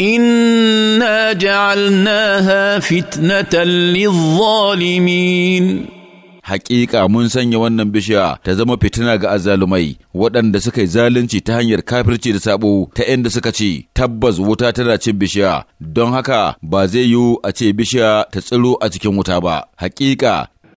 انا جعلناها فتنه للظالمين Haƙiƙa mun sanya wannan bishiya ta zama fitina ga azzalumai waɗanda suka yi zalunci ta hanyar kafirci da saɓo ta inda suka ce tabbas wuta tana cin bishiya don haka ba zai yiwu a ce bishiya ta tsiro a cikin wuta ba Haƙiƙa